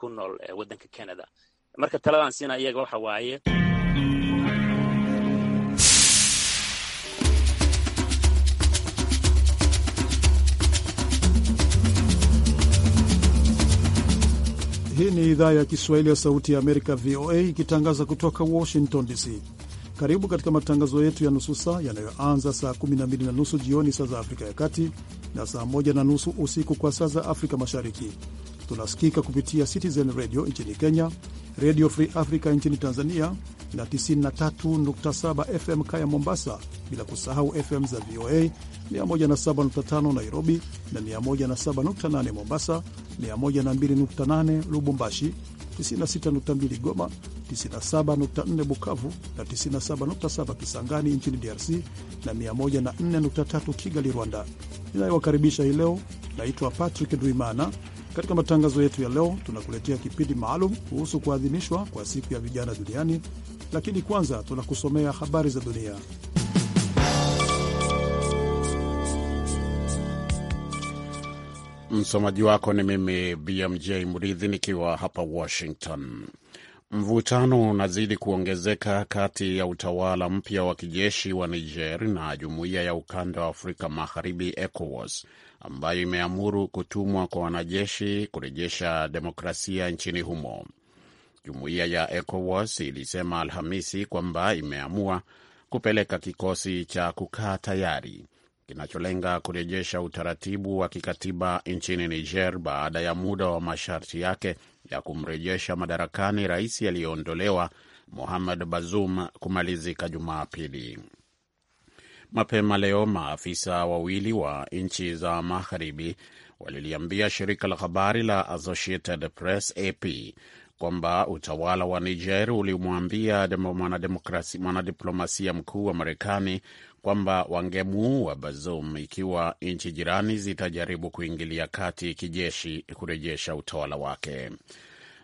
ku nool eh, waddanka Canada. Marka taladaan siina iyaga waxa waaye Hii ni idhaa ya Kiswahili ya Sauti ya Amerika, VOA, ikitangaza kutoka Washington DC. Karibu katika matangazo yetu ya nusu saa yanayoanza saa 12 na nusu jioni saa za Afrika ya Kati na saa 1 na nusu usiku kwa saa za Afrika Mashariki tunasikika kupitia Citizen Radio nchini Kenya, Radio Free Africa nchini Tanzania na 93.7 FM Kaya Mombasa, bila kusahau FM za VOA 107.5 Nairobi na 107.8 Mombasa, 102.8 Lubumbashi, 96.2 Goma, 97.4 Bukavu na 97.7 Kisangani nchini DRC na 104.3 Kigali, Rwanda. Ninayowakaribisha hii leo naitwa Patrick Ndwimana katika matangazo yetu ya leo, tunakuletea kipindi maalum kuhusu kuadhimishwa kwa siku ya vijana duniani, lakini kwanza tunakusomea habari za dunia. Msomaji wako ni mimi BMJ Mridhi nikiwa hapa Washington. Mvutano unazidi kuongezeka kati ya utawala mpya wa kijeshi wa Niger na jumuiya ya ukanda wa Afrika Magharibi, ECOWAS, ambayo imeamuru kutumwa kwa wanajeshi kurejesha demokrasia nchini humo. Jumuiya ya ECOWAS ilisema Alhamisi kwamba imeamua kupeleka kikosi cha kukaa tayari kinacholenga kurejesha utaratibu wa kikatiba nchini Niger baada ya muda wa masharti yake ya kumrejesha madarakani rais aliyeondolewa Mohamed Bazoum kumalizika Jumapili. Mapema leo maafisa wawili wa nchi za magharibi waliliambia shirika la habari la Associated Press AP kwamba utawala wa Niger ulimwambia mwanadiplomasia mkuu wa Marekani kwamba wangemuua Bazoum ikiwa nchi jirani zitajaribu kuingilia kati kijeshi kurejesha utawala wake.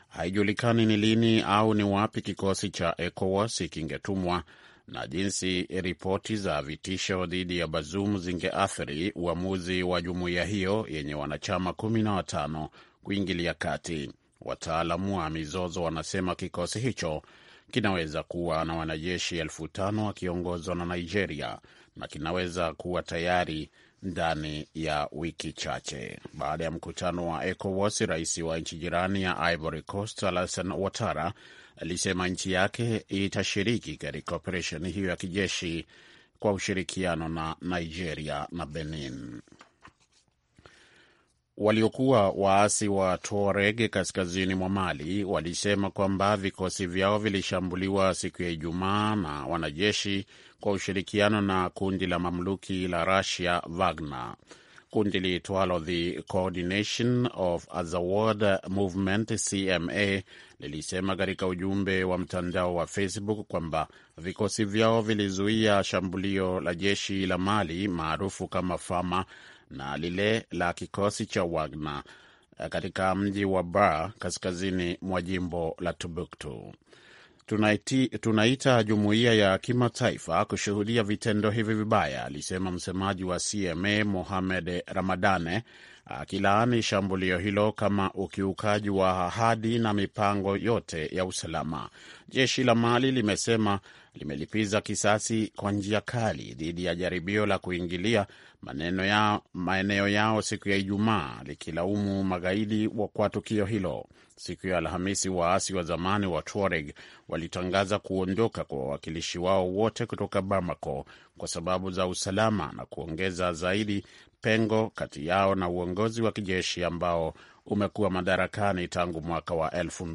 Haijulikani ni lini au ni wapi kikosi cha ECOWAS kingetumwa na jinsi ripoti za vitisho dhidi ya Bazoum zingeathiri uamuzi wa jumuiya hiyo yenye wanachama kumi na watano kuingilia kati. Wataalamu wa mizozo wanasema kikosi hicho kinaweza kuwa na wanajeshi elfu tano wakiongozwa na Nigeria na kinaweza kuwa tayari ndani ya wiki chache. Baada ya mkutano wa ECOWAS, rais wa nchi jirani ya Ivory Coast Alassane Ouattara alisema nchi yake itashiriki katika operesheni hiyo ya kijeshi kwa ushirikiano na Nigeria na Benin. Waliokuwa waasi wa Tuareg kaskazini mwa Mali walisema kwamba vikosi vyao vilishambuliwa siku ya Ijumaa na wanajeshi kwa ushirikiano na kundi la mamluki la rasia Wagner. Kundi liitwalo The Coordination of Azawad Movement CMA lilisema katika ujumbe wa mtandao wa Facebook kwamba vikosi vyao vilizuia shambulio la jeshi la Mali maarufu kama Fama na lile la kikosi cha Wagner katika mji wa Bar kaskazini mwa jimbo la tubuktu tunaiti, tunaita jumuiya ya kimataifa kushuhudia vitendo hivi vibaya, alisema msemaji wa CMA Mohamed Ramadane akilaani shambulio hilo kama ukiukaji wa ahadi na mipango yote ya usalama. Jeshi la Mali limesema limelipiza kisasi kwa njia kali dhidi ya jaribio la kuingilia maeneo yao siku ya Ijumaa, likilaumu magaidi kwa tukio hilo. Siku ya Alhamisi, waasi wa zamani wa Tuareg walitangaza kuondoka kwa wawakilishi wao wote kutoka Bamako kwa sababu za usalama na kuongeza zaidi pengo kati yao na uongozi wa kijeshi ambao umekuwa madarakani tangu mwaka wa elfu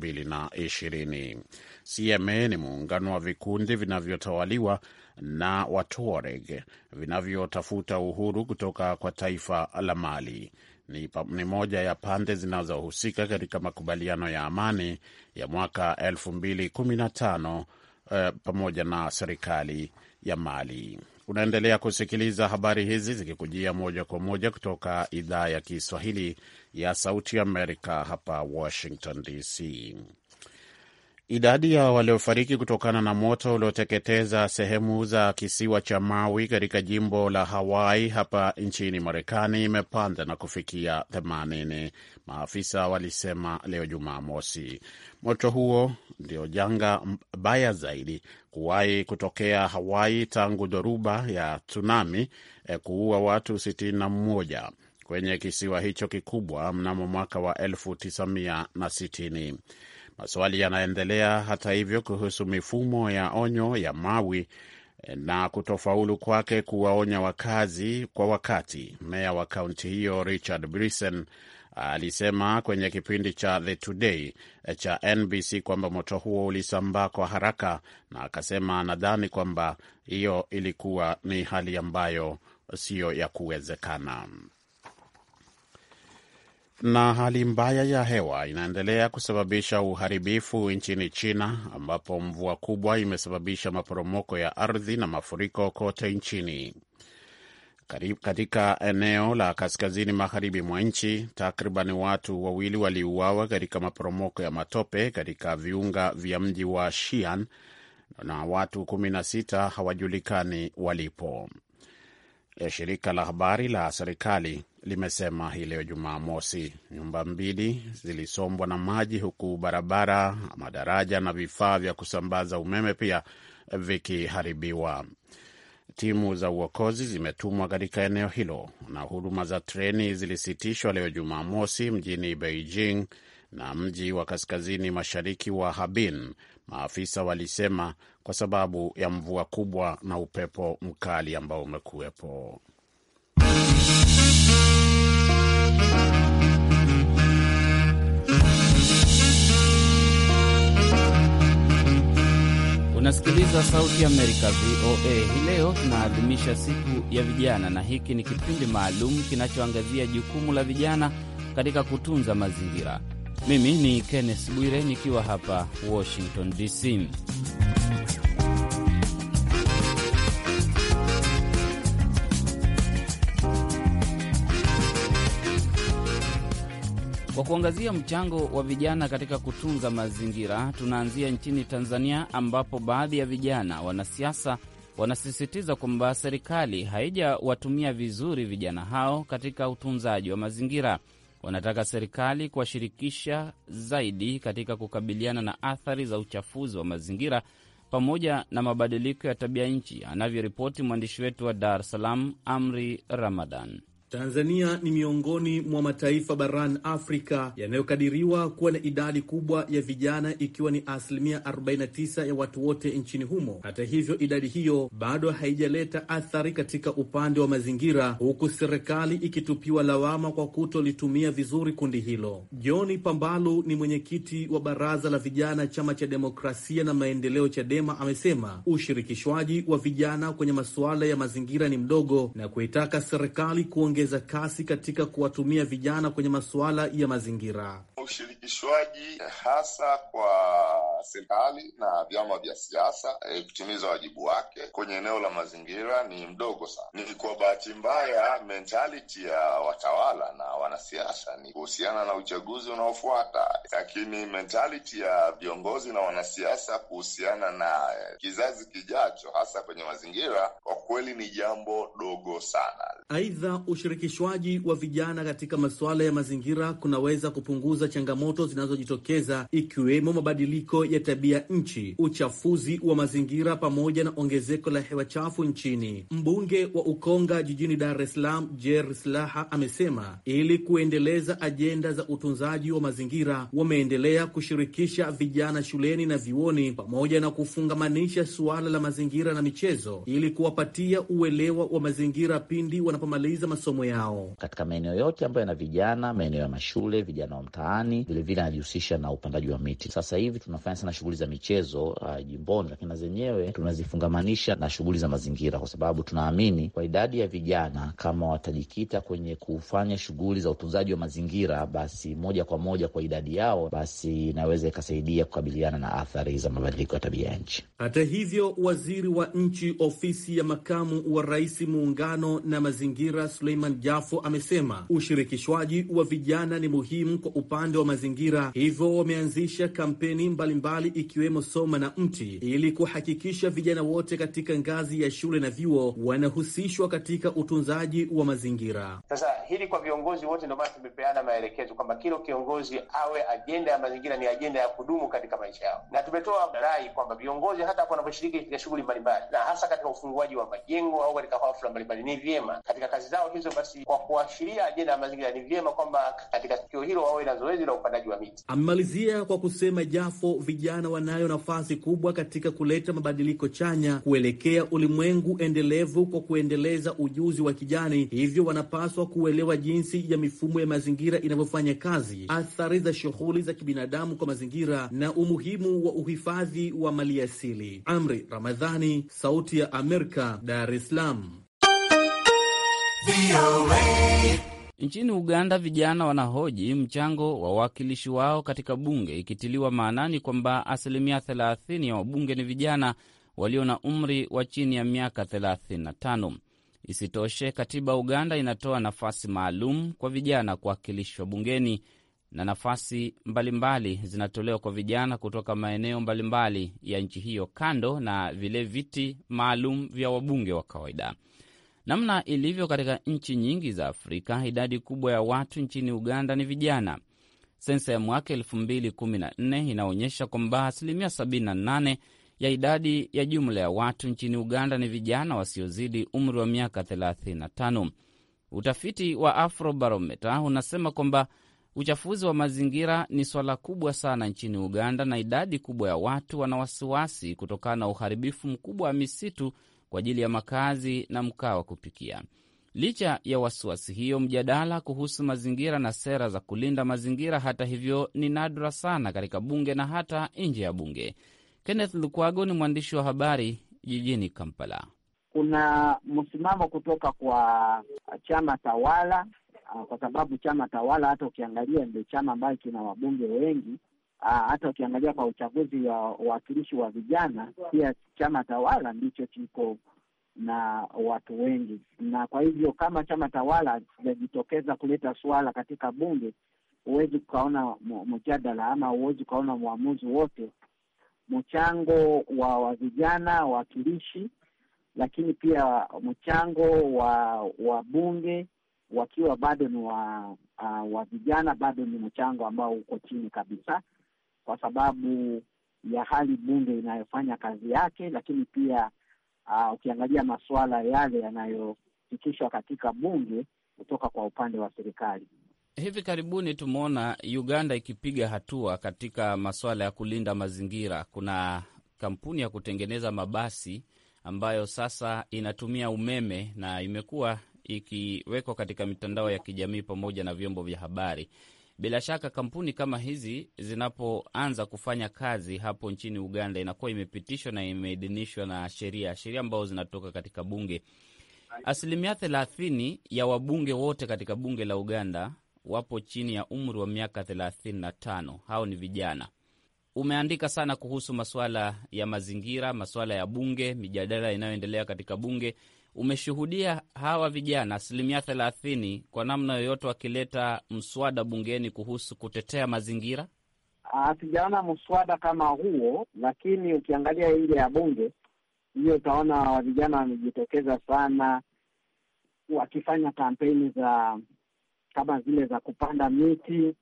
CMA ni muungano wa vikundi vinavyotawaliwa na Watuareg vinavyotafuta uhuru kutoka kwa taifa la Mali. Ni, ni moja ya pande zinazohusika katika makubaliano ya amani ya mwaka 2015 eh, pamoja na serikali ya Mali. Unaendelea kusikiliza habari hizi zikikujia moja kwa moja kutoka idhaa ya Kiswahili ya Sauti Amerika hapa Washington DC. Idadi ya waliofariki kutokana na moto ulioteketeza sehemu za kisiwa cha Maui katika jimbo la Hawaii hapa nchini Marekani imepanda na kufikia 80, maafisa walisema leo Jumamosi. Moto huo ndio janga baya zaidi kuwahi kutokea Hawaii tangu dhoruba ya tsunami eh, kuua watu 61 kwenye kisiwa hicho kikubwa mnamo mwaka wa 1960. Maswali yanaendelea hata hivyo kuhusu mifumo ya onyo ya Mawi na kutofaulu kwake kuwaonya wakazi kwa wakati. Meya wa kaunti hiyo Richard Brisen alisema kwenye kipindi cha The Today eh, cha NBC kwamba moto huo ulisambaa kwa haraka, na akasema anadhani kwamba hiyo ilikuwa ni hali ambayo siyo ya kuwezekana. Na hali mbaya ya hewa inaendelea kusababisha uharibifu nchini China ambapo mvua kubwa imesababisha maporomoko ya ardhi na mafuriko kote nchini. Katika eneo la kaskazini magharibi mwa nchi, takriban watu wawili waliuawa katika maporomoko ya matope katika viunga vya mji wa Xi'an na watu 16 hawajulikani walipo. Shirika la habari la serikali limesema hii leo Jumamosi nyumba mbili zilisombwa na maji, huku barabara, madaraja na vifaa vya kusambaza umeme pia vikiharibiwa. Timu za uokozi zimetumwa katika eneo hilo na huduma za treni zilisitishwa leo Jumamosi mjini Beijing na mji wa kaskazini mashariki wa Harbin, maafisa walisema kwa sababu ya mvua kubwa na upepo mkali ambao umekuwepo. Unasikiliza Sauti Amerika, VOA. Hii leo tunaadhimisha siku ya vijana, na hiki ni kipindi maalum kinachoangazia jukumu la vijana katika kutunza mazingira. Mimi ni Kenneth Bwire nikiwa hapa Washington DC. Kwa kuangazia mchango wa vijana katika kutunza mazingira, tunaanzia nchini Tanzania ambapo baadhi ya vijana wanasiasa wanasisitiza kwamba serikali haijawatumia vizuri vijana hao katika utunzaji wa mazingira. Wanataka serikali kuwashirikisha zaidi katika kukabiliana na athari za uchafuzi wa mazingira pamoja na mabadiliko ya tabia nchi, anavyoripoti mwandishi wetu wa Dar es Salaam, Amri Ramadan. Tanzania ni miongoni mwa mataifa barani Afrika yanayokadiriwa kuwa na idadi kubwa ya vijana ikiwa ni asilimia 49 ya watu wote nchini humo. Hata hivyo, idadi hiyo bado haijaleta athari katika upande wa mazingira, huku serikali ikitupiwa lawama kwa kutolitumia vizuri kundi hilo. John Pambalu ni mwenyekiti wa baraza la vijana chama cha demokrasia na maendeleo CHADEMA, amesema ushirikishwaji wa vijana kwenye masuala ya mazingira ni mdogo na kuitaka serikali kuongeza kuongeza kasi katika kuwatumia vijana kwenye masuala ya mazingira. Ushirikishwaji eh, hasa kwa serikali na vyama vya siasa e, kutimiza wajibu wake kwenye eneo la mazingira ni mdogo sana. Ni kwa bahati mbaya, mentality ya watawala na wanasiasa ni kuhusiana na uchaguzi unaofuata, lakini mentality ya viongozi na wanasiasa kuhusiana na eh, kizazi kijacho, hasa kwenye mazingira, kwa kweli ni jambo dogo sana. Aidha, ushirikishwaji wa vijana katika masuala ya mazingira kunaweza kupunguza changamoto zinazojitokeza ikiwemo mabadiliko ya tabia nchi, uchafuzi wa mazingira pamoja na ongezeko la hewa chafu nchini. Mbunge wa Ukonga jijini Dar es Salaam, Jer Slaha, amesema ili kuendeleza ajenda za utunzaji wa mazingira wameendelea kushirikisha vijana shuleni na vioni pamoja na kufungamanisha suala la mazingira na michezo ili kuwapatia uelewa wa mazingira pindi wanapomaliza masomo masomo yao katika maeneo yote ambayo yana vijana, maeneo ya mashule, vijana wa mtaani, vilevile anajihusisha na upandaji wa miti. Sasa hivi tunafanya sana shughuli za michezo uh, jimboni, lakini na zenyewe tunazifungamanisha na shughuli za mazingira, kwa sababu tunaamini kwa idadi ya vijana, kama watajikita kwenye kufanya shughuli za utunzaji wa mazingira, basi moja kwa moja kwa idadi yao, basi inaweza ikasaidia kukabiliana na athari za mabadiliko ya tabia ya nchi. Hata hivyo, waziri wa nchi ofisi ya makamu wa rais, muungano na mazingira, Suleiman Suleiman Jafo amesema ushirikishwaji wa vijana ni muhimu kwa upande wa mazingira, hivyo wameanzisha kampeni mbalimbali mbali ikiwemo Soma na Mti ili kuhakikisha vijana wote katika ngazi ya shule na vyuo wanahusishwa katika utunzaji wa mazingira. Sasa hili kwa viongozi wote, ndio maana tumepeana maelekezo kwamba kila kiongozi awe ajenda ya mazingira ni ajenda ya kudumu katika maisha yao, na tumetoa rai kwamba viongozi hata wanaposhiriki katika shughuli mbalimbali na hasa katika ufunguaji wa majengo au katika hafla mbalimbali, ni vyema katika kazi zao hizo hivyo basi, kwa kuashiria ajenda ya mazingira, ni vyema kwamba katika tukio hilo wawe na zoezi la upandaji wa miti. Amemalizia kwa kusema Jafo, vijana wanayo nafasi kubwa katika kuleta mabadiliko chanya kuelekea ulimwengu endelevu kwa kuendeleza ujuzi wa kijani, hivyo wanapaswa kuelewa jinsi ya mifumo ya mazingira inavyofanya kazi, athari za shughuli za kibinadamu kwa mazingira na umuhimu wa uhifadhi wa maliasili. Amri Ramadhani, Sauti ya Amerika, Dar es Salaam. Nchini Uganda, vijana wanahoji mchango wa wawakilishi wao katika bunge, ikitiliwa maanani kwamba asilimia 30 ya wabunge ni vijana walio na umri wa chini ya miaka 35. Isitoshe, katiba Uganda inatoa nafasi maalum kwa vijana kuwakilishwa bungeni na nafasi mbalimbali zinatolewa kwa vijana kutoka maeneo mbalimbali ya nchi hiyo, kando na vile viti maalum vya wabunge wa kawaida. Namna ilivyo katika nchi nyingi za Afrika, idadi kubwa ya watu nchini Uganda ni vijana. Sensa ya mwaka 2014 inaonyesha kwamba asilimia 78 ya idadi ya jumla ya watu nchini Uganda ni vijana wasiozidi umri wa miaka 35. Utafiti wa Afrobarometa unasema kwamba uchafuzi wa mazingira ni swala kubwa sana nchini Uganda, na idadi kubwa ya watu wana wasiwasi kutokana na uharibifu mkubwa wa misitu kwa ajili ya makazi na mkaa wa kupikia. Licha ya wasiwasi hiyo, mjadala kuhusu mazingira na sera za kulinda mazingira, hata hivyo, ni nadra sana katika bunge na hata nje ya bunge. Kenneth Lukwago ni mwandishi wa habari jijini Kampala. Kuna msimamo kutoka kwa chama tawala, kwa sababu chama tawala hata ukiangalia ndio chama ambayo kina wabunge wengi Ah, hata ukiangalia kwa uchaguzi wa uwakilishi wa vijana, pia chama tawala ndicho kiko na watu wengi, na kwa hivyo kama chama tawala hakijajitokeza kuleta suala katika bunge, huwezi ukaona mjadala ama huwezi ukaona mwamuzi wote mchango wa wa vijana wawakilishi, lakini pia mchango wa wabunge wakiwa bado ni wa uh, wa vijana bado ni mchango ambao uko chini kabisa, kwa sababu ya hali bunge inayofanya kazi yake, lakini pia uh, ukiangalia masuala yale yanayofikishwa katika bunge kutoka kwa upande wa serikali. Hivi karibuni tumeona Uganda ikipiga hatua katika masuala ya kulinda mazingira. Kuna kampuni ya kutengeneza mabasi ambayo sasa inatumia umeme na imekuwa ikiwekwa katika mitandao ya kijamii pamoja na vyombo vya habari. Bila shaka kampuni kama hizi zinapoanza kufanya kazi hapo nchini Uganda inakuwa imepitishwa na imeidhinishwa na sheria, sheria ambazo zinatoka katika bunge. Asilimia thelathini ya wabunge wote katika bunge la Uganda wapo chini ya umri wa miaka thelathini na tano. Hao ni vijana. Umeandika sana kuhusu masuala ya mazingira, masuala ya bunge, mijadala inayoendelea katika bunge umeshuhudia hawa vijana asilimia thelathini kwa namna yoyote wakileta mswada bungeni kuhusu kutetea mazingira? Ah, hatujaona mswada kama huo, lakini ukiangalia nje ya bunge hiyo utaona vijana wamejitokeza sana wakifanya kampeni za kama zile za kupanda miti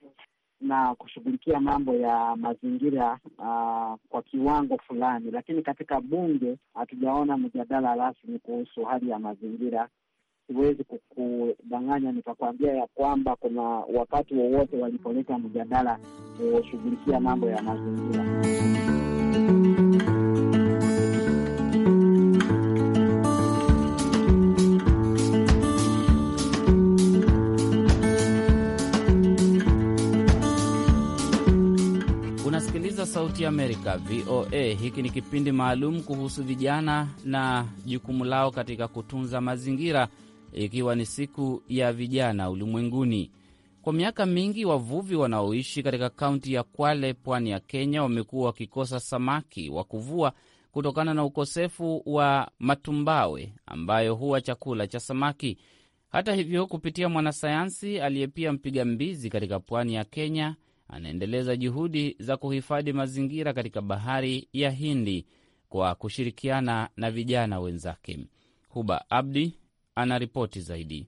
na kushughulikia mambo ya mazingira uh, kwa kiwango fulani, lakini katika bunge hatujaona mjadala rasmi kuhusu hali ya mazingira. Siwezi kukudanganya nikakwambia ya kwamba kuna wakati wowote walipoleta mjadala kushughulikia mambo ya mazingira. Sauti Amerika, VOA. Hiki ni kipindi maalum kuhusu vijana na jukumu lao katika kutunza mazingira, ikiwa ni siku ya vijana ulimwenguni. Kwa miaka mingi wavuvi wanaoishi katika kaunti ya Kwale, pwani ya Kenya, wamekuwa wakikosa samaki wa kuvua kutokana na ukosefu wa matumbawe ambayo huwa chakula cha samaki. Hata hivyo, kupitia mwanasayansi aliye pia mpiga mbizi katika pwani ya Kenya anaendeleza juhudi za kuhifadhi mazingira katika bahari ya Hindi kwa kushirikiana na vijana wenzake. Huba Abdi anaripoti zaidi.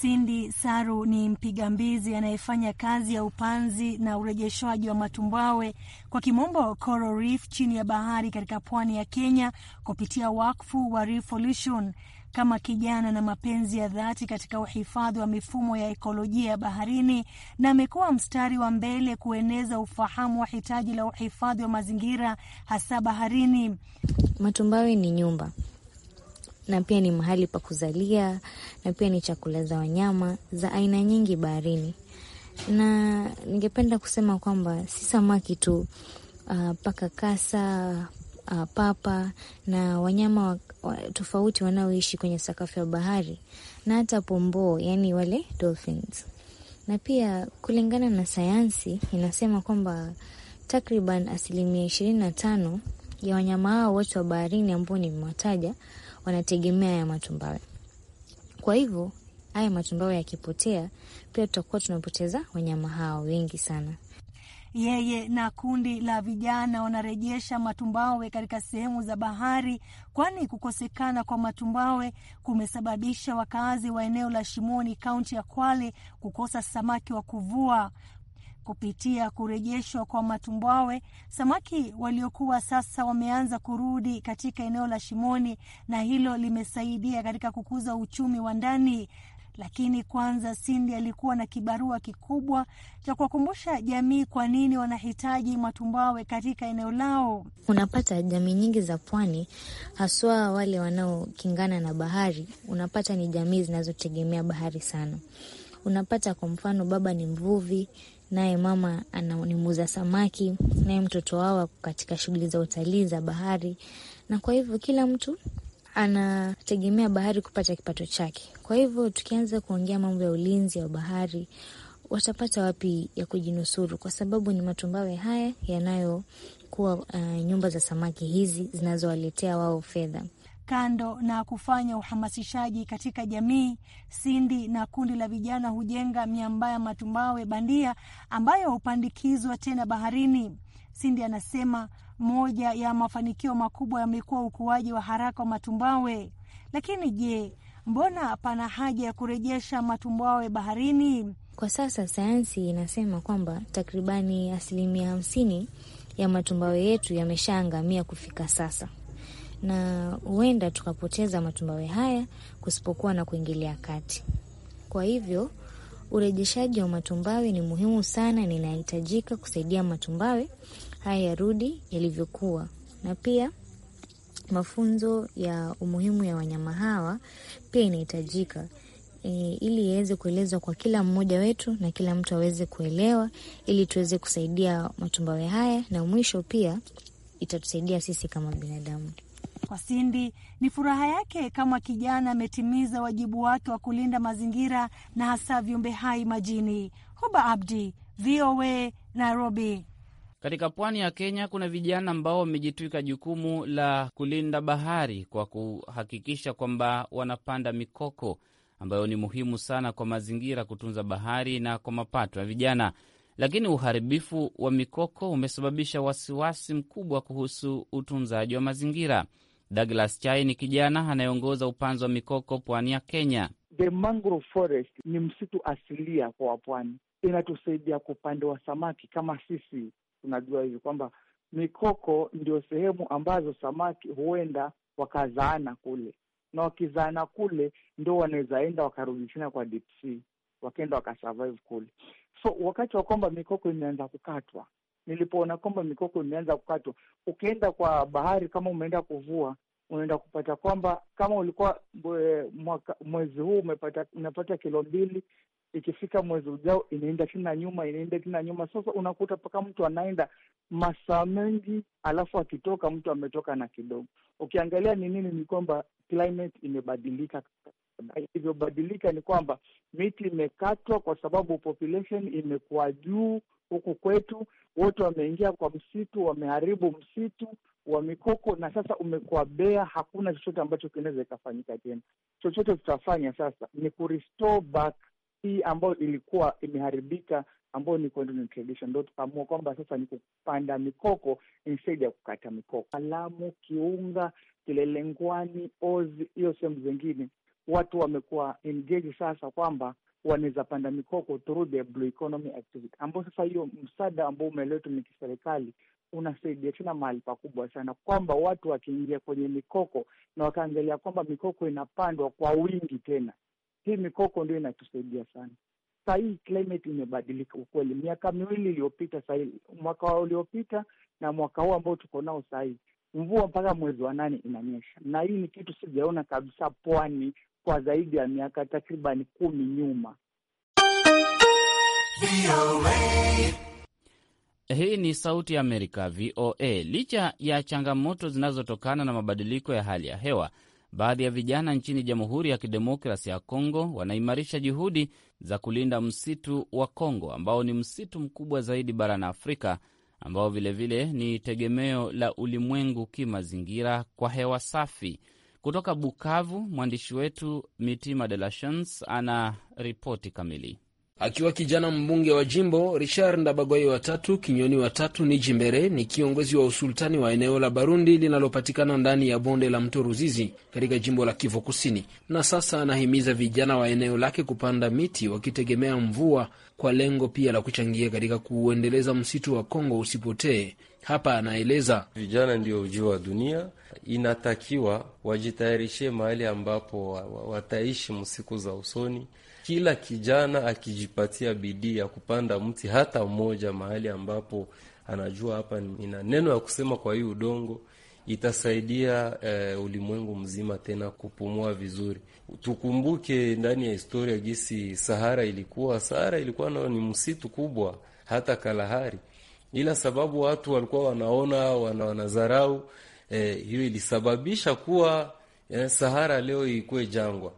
Sindi Saru ni mpiga mbizi anayefanya kazi ya upanzi na urejeshwaji wa matumbawe kwa kimombo coral reef chini ya bahari katika pwani ya Kenya kupitia wakfu wa Revolution. Kama kijana na mapenzi ya dhati katika uhifadhi wa mifumo ya ekolojia ya baharini, na amekuwa mstari wa mbele kueneza ufahamu wa hitaji la uhifadhi wa mazingira hasa baharini. Matumbawe ni nyumba na pia ni mahali pa kuzalia na pia ni chakula za wanyama za aina nyingi baharini, na ningependa kusema kwamba si samaki tu, uh, paka kasa Uh, papa na wanyama wa, wa, tofauti wanaoishi kwenye sakafu ya bahari na hata pomboo, yani wale dolphins. Na pia kulingana na sayansi inasema kwamba takriban asilimia ishirini na tano ya wanyama hao wote wa baharini ambao nimewataja wanategemea haya matumbawe. Kwa hivyo haya matumbawe yakipotea, pia tutakuwa tunapoteza wanyama hao wengi sana. Yeye na kundi la vijana wanarejesha matumbawe katika sehemu za bahari, kwani kukosekana kwa matumbawe kumesababisha wakazi wa eneo la Shimoni, kaunti ya Kwale, kukosa samaki wa kuvua. Kupitia kurejeshwa kwa matumbwawe, samaki waliokuwa sasa wameanza kurudi katika eneo la Shimoni, na hilo limesaidia katika kukuza uchumi wa ndani. Lakini kwanza, Sindi alikuwa na kibarua kikubwa cha kuwakumbusha jamii kwa nini wanahitaji matumbawe katika eneo lao. Unapata jamii nyingi za pwani, haswa wale wanaokingana na bahari, unapata ni jamii zinazotegemea bahari sana. Unapata kwa mfano, baba ni mvuvi naye mama ananimuuza samaki, naye mtoto wao katika shughuli za utalii za bahari, na kwa hivyo kila mtu anategemea bahari kupata kipato chake. Kwa hivyo tukianza kuongea mambo ya ulinzi wa bahari, watapata wapi ya kujinusuru? Kwa sababu ni matumbawe haya yanayokuwa uh, nyumba za samaki hizi zinazowaletea wao fedha. Kando na kufanya uhamasishaji katika jamii, Sindi na kundi la vijana hujenga miamba ya matumbawe bandia ambayo hupandikizwa tena baharini. Sindi anasema moja ya mafanikio makubwa yamekuwa ukuaji wa haraka wa matumbawe. Lakini je, mbona pana haja ya kurejesha matumbawe baharini? Kwa sasa sayansi inasema kwamba takribani asilimia hamsini ya matumbawe yetu yameshaangamia kufika sasa na huenda tukapoteza matumbawe haya kusipokuwa na kuingilia kati. Kwa hivyo urejeshaji wa matumbawe ni muhimu sana na inahitajika kusaidia matumbawe haya yarudi yalivyokuwa, na pia mafunzo ya umuhimu ya wanyama hawa pia inahitajika e, ili iweze kuelezwa kwa kila mmoja wetu na kila mtu aweze kuelewa, ili tuweze kusaidia matumbawe haya, na mwisho pia itatusaidia sisi kama binadamu. Kwa Sindi ni furaha yake kama kijana ametimiza wajibu wake wa kulinda mazingira na hasa viumbe hai majini. Huba Abdi, VOA Nairobi. Katika pwani ya Kenya kuna vijana ambao wamejitwika jukumu la kulinda bahari kwa kuhakikisha kwamba wanapanda mikoko ambayo ni muhimu sana kwa mazingira, kutunza bahari na kwa mapato ya vijana. Lakini uharibifu wa mikoko umesababisha wasiwasi mkubwa kuhusu utunzaji wa mazingira. Douglas Chai ni kijana anayeongoza upanzi wa mikoko pwani ya Kenya. The mangrove forest ni msitu asilia kwa wapwani, inatusaidia kwa upande wa samaki. Kama sisi tunajua hivi kwamba mikoko ndio sehemu ambazo samaki huenda wakazaana kule, na wakizaana kule ndo wanaweza enda wakarudishana kwa deep sea, wakaenda wakasurvive kule. So wakati wa kwamba mikoko imeanza kukatwa, nilipoona kwamba mikoko imeanza kukatwa. Ukienda kwa bahari kama umeenda kuvua, unaenda kupata kwamba kama ulikuwa mwe, eh, mwaka, mwezi huu umepata unapata kilo mbili, ikifika mwezi ujao inaenda tena nyuma, inaenda tena nyuma. Sasa unakuta mpaka mtu anaenda masaa mengi, alafu akitoka mtu ametoka na kidogo. Ukiangalia ni nini, ni kwamba climate imebadilika na ilivyobadilika ni kwamba miti imekatwa kwa sababu population imekuwa juu huku kwetu, wote wameingia kwa msitu, wameharibu msitu wa mikoko, na sasa umekuwa bea. Hakuna chochote ambacho kinaweza ikafanyika tena. Chochote tutafanya sasa ni ku back hii ambayo ilikuwa imeharibika, ambayo ni continuing tradition. Ndo tukaamua kwamba sasa ni kupanda mikoko instead ya kukata mikoko. Alamu, Kiunga, Kilelengwani, Ozi, hiyo sehemu zingine watu wamekuwa engage sasa kwamba wanaweza panda mikoko through the blue economy activity, ambao sasa hiyo msaada ambao umeletwa ni kiserikali unasaidia tena mahali pakubwa sana, kwamba watu wakiingia kwenye mikoko na wakaangalia kwamba mikoko inapandwa kwa wingi tena, hii mikoko ndio inatusaidia sana. sahii climate imebadilika ukweli, miaka miwili iliyopita, sahii mwaka uliopita na mwaka huu ambao tuko nao sahii mvua mpaka mwezi wa nane inanyesha, na hii ni kitu sijaona kabisa pwani kwa zaidi ya miaka takribani kumi nyuma. Hii ni Sauti ya Amerika, VOA. Licha ya changamoto zinazotokana na mabadiliko ya hali ya hewa, baadhi ya vijana nchini Jamhuri ya Kidemokrasi ya Kongo wanaimarisha juhudi za kulinda msitu wa Kongo ambao ni msitu mkubwa zaidi barani Afrika, ambao vilevile vile ni tegemeo la ulimwengu kimazingira kwa hewa safi. Kutoka Bukavu, mwandishi wetu Mitima De La ana ripoti kamili. Akiwa kijana mbunge wa jimbo Richard Ndabagwai watatu Kinyoni watatu ni Jimbere ni kiongozi wa usultani wa eneo la Barundi linalopatikana ndani ya bonde la mto Ruzizi katika jimbo la Kivu Kusini, na sasa anahimiza vijana wa eneo lake kupanda miti wakitegemea mvua kwa lengo pia la kuchangia katika kuuendeleza msitu wa Kongo usipotee hapa anaeleza vijana ndio ujio wa dunia, inatakiwa wajitayarishie mahali ambapo wataishi msiku za usoni. Kila kijana akijipatia bidii ya kupanda mti hata mmoja mahali ambapo anajua hapa nina neno ya kusema kwa hii udongo itasaidia e, ulimwengu mzima tena kupumua vizuri. Tukumbuke ndani ya historia gisi Sahara ilikuwa Sahara ilikuwa nao ni msitu kubwa, hata Kalahari ila sababu watu walikuwa wanaona wanadharau eh, hiyo ilisababisha kuwa eh, Sahara leo ikuwe jangwa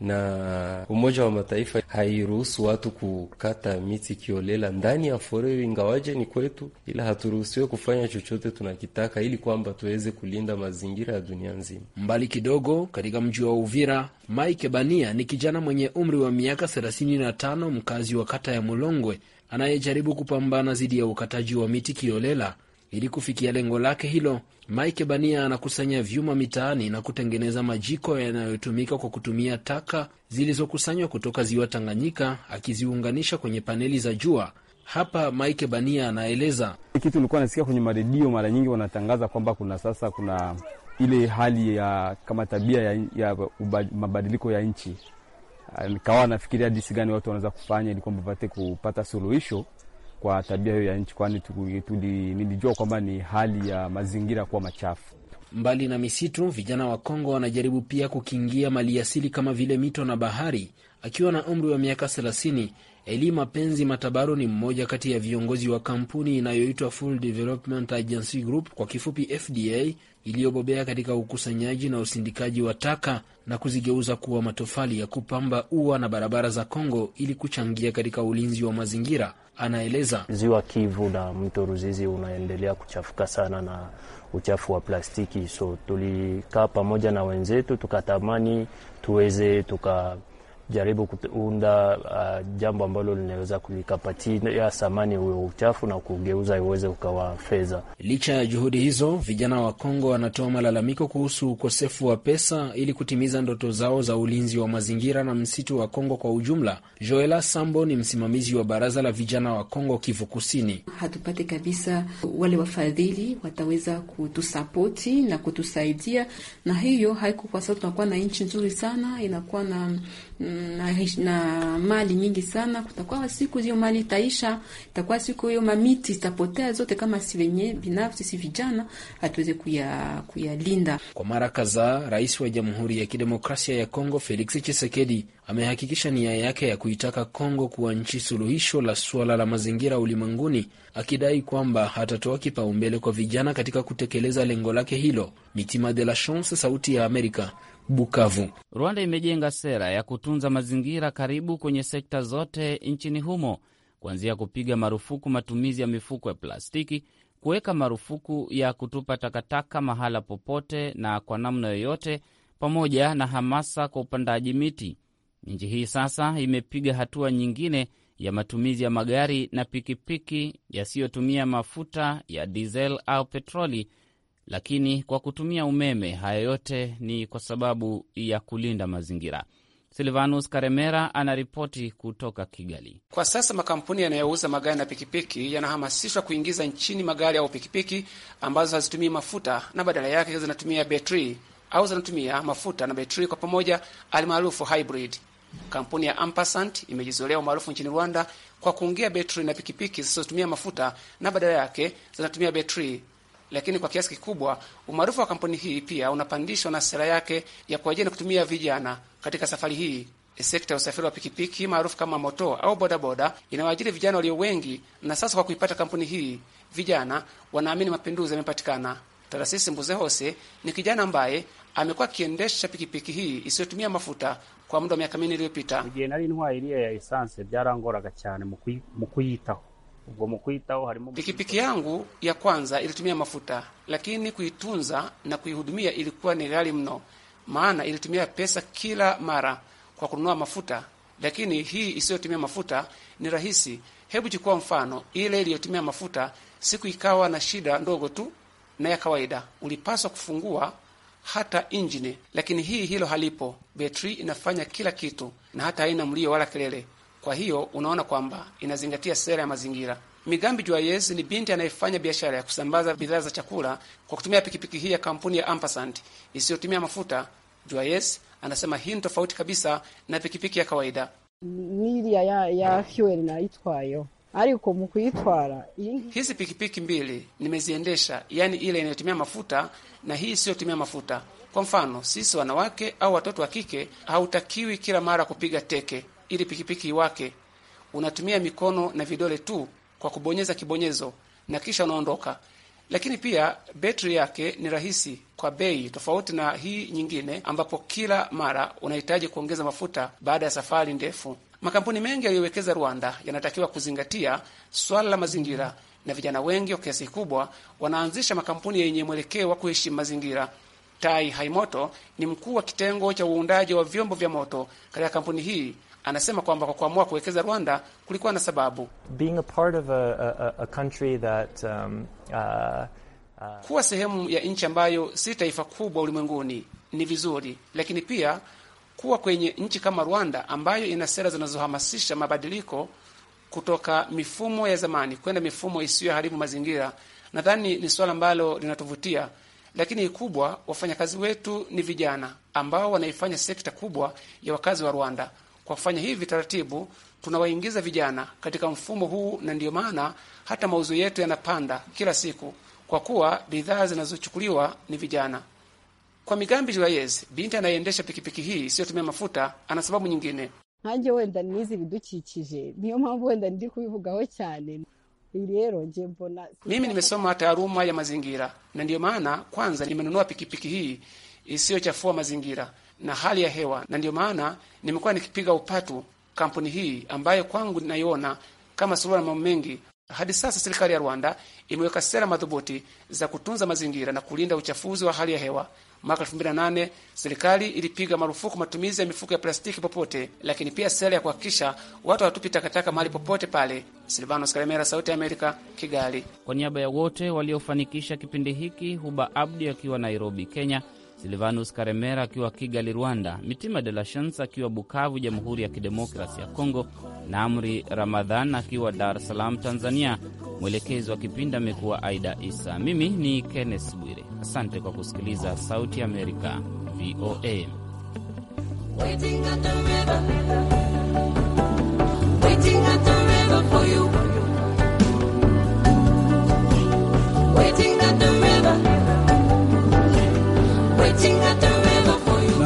na Umoja wa Mataifa hairuhusu watu kukata miti kiolela ndani ya foreo, ingawaje ni kwetu, ila haturuhusiwe kufanya chochote tunakitaka, ili kwamba tuweze kulinda mazingira ya dunia nzima. Mbali kidogo katika mji wa Uvira, Mike Bania ni kijana mwenye umri wa miaka thelathini na tano, mkazi wa kata ya Mulongwe, anayejaribu kupambana dhidi ya ukataji wa miti kiolela. Ili kufikia lengo lake hilo, Mike Bania anakusanya vyuma mitaani na kutengeneza majiko yanayotumika kwa kutumia taka zilizokusanywa kutoka ziwa Tanganyika, akiziunganisha kwenye paneli za jua. Hapa Mike Bania anaeleza kitu ilikuwa nasikia kwenye maredio mara nyingi, wanatangaza kwamba kuna sasa kuna ile hali ya kama tabia ya, ya mabadiliko ya nchi Ah, nikawa nafikiria jinsi gani watu wanaweza kufanya ili kwamba pate kupata suluhisho kwa tabia hiyo ya nchi, kwani nilijua kwamba ni hali ya mazingira kuwa machafu. Mbali na misitu, vijana wa Kongo wanajaribu pia kukiingia maliasili kama vile mito na bahari. Akiwa na umri wa miaka thelathini, Eli Mapenzi Matabaro ni mmoja kati ya viongozi wa kampuni inayoitwa Full Development Agency Group kwa kifupi FDA, iliyobobea katika ukusanyaji na usindikaji wa taka na kuzigeuza kuwa matofali ya kupamba ua na barabara za Kongo ili kuchangia katika ulinzi wa mazingira. Anaeleza ziwa Kivu na mto Ruzizi unaendelea kuchafuka sana na uchafu wa plastiki, so tulikaa pamoja na wenzetu tukatamani tuweze tuka jaribu kuunda uh, jambo ambalo linaweza kuikapatia thamani huyo uchafu na kugeuza iweze ukawa fedha. Licha ya juhudi hizo, vijana wa Kongo wanatoa malalamiko kuhusu ukosefu wa pesa ili kutimiza ndoto zao za ulinzi wa mazingira na msitu wa Kongo kwa ujumla. Joela Sambo ni msimamizi wa baraza la vijana wa Kongo Kivu Kusini. Hatupate kabisa wale wafadhili wataweza kutusapoti na kutusaidia, na hiyo haiko kwa sababu tunakuwa na nchi nzuri sana, inakuwa na na, na mali nyingi sana. Kutakuwa siku hiyo mali itaisha, itakuwa siku hiyo mamiti itapotea zote, kama si wenye binafsi, si vijana hatuweze kuyalinda. Kuya kwa mara kadhaa, rais wa Jamhuri ya Kidemokrasia ya Kongo Felix Tshisekedi amehakikisha nia yake ya kuitaka Kongo kuwa nchi suluhisho la suala la mazingira ulimwenguni, akidai kwamba hatatoa kipaumbele kwa vijana katika kutekeleza lengo lake hilo. Mitima de la Chance, Sauti ya Amerika, Bukavu. Rwanda imejenga sera ya kutunza mazingira karibu kwenye sekta zote nchini humo, kuanzia kupiga marufuku matumizi ya mifuko ya plastiki, kuweka marufuku ya kutupa takataka mahala popote na kwa namna yoyote, pamoja na hamasa kwa upandaji miti. Nchi hii sasa imepiga hatua nyingine ya matumizi ya magari na pikipiki yasiyotumia mafuta ya dizeli au petroli, lakini kwa kutumia umeme. Haya yote ni kwa sababu ya kulinda mazingira. Silvanus Karemera anaripoti kutoka Kigali. Kwa sasa makampuni yanayouza magari na pikipiki yanahamasishwa kuingiza nchini magari au pikipiki ambazo hazitumii mafuta na badala yake zinatumia betri au zinatumia mafuta na betri kwa pamoja, almaarufu hybrid. Kampuni ya Ampersand imejizolea umaarufu nchini Rwanda kwa kuongea betri na pikipiki zisizotumia mafuta na badala yake zinatumia betri. Lakini kwa kiasi kikubwa umaarufu wa kampuni hii pia unapandishwa na sera yake ya kuajiri na kutumia vijana katika safari hii. Sekta ya usafiri wa pikipiki maarufu kama moto au bodaboda inawaajiri vijana walio wengi, na sasa kwa kuipata kampuni hii vijana wanaamini mapinduzi yamepatikana. Tarasisi Mbuzehose ni kijana ambaye amekuwa akiendesha pikipiki hii isiyotumia mafuta kwa muda wa miaka minne iliyopita. igihe nari ntwaye iriya ya esanse byarangoraga cyane mu kuyitaho ubwo mu kuyitaho harimo pikipiki yangu ya kwanza ilitumia mafuta, lakini kuitunza na kuihudumia ilikuwa ni ghali mno, maana ilitumia pesa kila mara kwa kununua mafuta. Lakini hii isiyotumia mafuta ni rahisi. Hebu chukua mfano ile iliyotumia mafuta, siku ikawa na shida ndogo tu na ya kawaida, ulipaswa kufungua hata injini, lakini hii hilo halipo. Betri inafanya kila kitu na hata haina mlio wala kelele. Kwa hiyo unaona kwamba inazingatia sera ya mazingira. Migambi Juayes ni binti anayefanya biashara ya kusambaza bidhaa za chakula kwa kutumia pikipiki hii ya kampuni ya Ampersand isiyotumia mafuta. Juayes anasema hii ni tofauti kabisa na pikipiki ya kawaida. Ya, ya ariko mu kuyitwara hizi pikipiki mbili nimeziendesha, yani ile inayotumia mafuta na hii isiyotumia mafuta. Kwa mfano, sisi wanawake au watoto wa kike hautakiwi kila mara kupiga teke ili pikipiki iwake. Unatumia mikono na vidole tu kwa kubonyeza kibonyezo na kisha unaondoka. Lakini pia betri yake ni rahisi kwa bei, tofauti na hii nyingine ambapo kila mara unahitaji kuongeza mafuta baada ya safari ndefu. Makampuni mengi yaliyowekeza Rwanda yanatakiwa kuzingatia swala la mazingira, na vijana wengi kwa kiasi kikubwa wanaanzisha makampuni yenye mwelekeo wa kuheshimu mazingira. Tai Haimoto ni mkuu wa kitengo cha uundaji wa vyombo vya moto katika kampuni hii. Anasema kwamba kwa kuamua kuwekeza Rwanda kulikuwa na sababu. Being a part of a, a, a country that, um, uh, uh, kuwa sehemu ya nchi ambayo si taifa kubwa ulimwenguni ni vizuri, lakini pia kuwa kwenye nchi kama Rwanda ambayo ina sera zinazohamasisha mabadiliko kutoka mifumo ya zamani kwenda mifumo isiyoharibu mazingira, nadhani ni suala ambalo linatuvutia. Lakini kubwa, wafanyakazi wetu ni vijana ambao wanaifanya sekta kubwa ya wakazi wa Rwanda. Kwa kufanya hivi taratibu, tunawaingiza vijana katika mfumo huu, na ndiyo maana hata mauzo yetu yanapanda kila siku, kwa kuwa bidhaa zinazochukuliwa ni vijana. Kwa Migambi Joyeuse, binti anayeendesha pikipiki hii isiyotumia mafuta, ana sababu nyingine. Nanje wenda nizi bidukikije niyo mpamvu wenda ndi kubivugaho cyane rero nje mbona mimi nimesoma taaluma ya mazingira, na ndiyo maana kwanza nimenunua pikipiki hii isiyochafua mazingira na hali ya hewa, na ndiyo maana nimekuwa nikipiga upatu kampuni hii ambayo kwangu naiona kama suluhu na mambo mengi hadi sasa serikali ya Rwanda imeweka sera madhubuti za kutunza mazingira na kulinda uchafuzi wa hali ya hewa. Mwaka elfu mbili na nane serikali ilipiga marufuku matumizi ya mifuko ya plastiki popote, lakini pia sera ya kuhakikisha watu hawatupi takataka mahali popote pale. Silvanos Kalemera, Sauti ya Amerika, Kigali. Kwa niaba ya wote waliofanikisha kipindi hiki, Huba Abdi akiwa Nairobi, Kenya. Silvanus Karemera akiwa Kigali, Rwanda, Mitima de la Chance akiwa Bukavu, Jamhuri ya Kidemokrasi ya Kongo, na Amri Ramadhan akiwa Dar es Salaam, Tanzania. Mwelekezi wa kipindi amekuwa Aida Isa. Mimi ni Kenneth Bwire, asante kwa kusikiliza Sauti Amerika, VOA. Waiting at the river. Waiting at the river for you.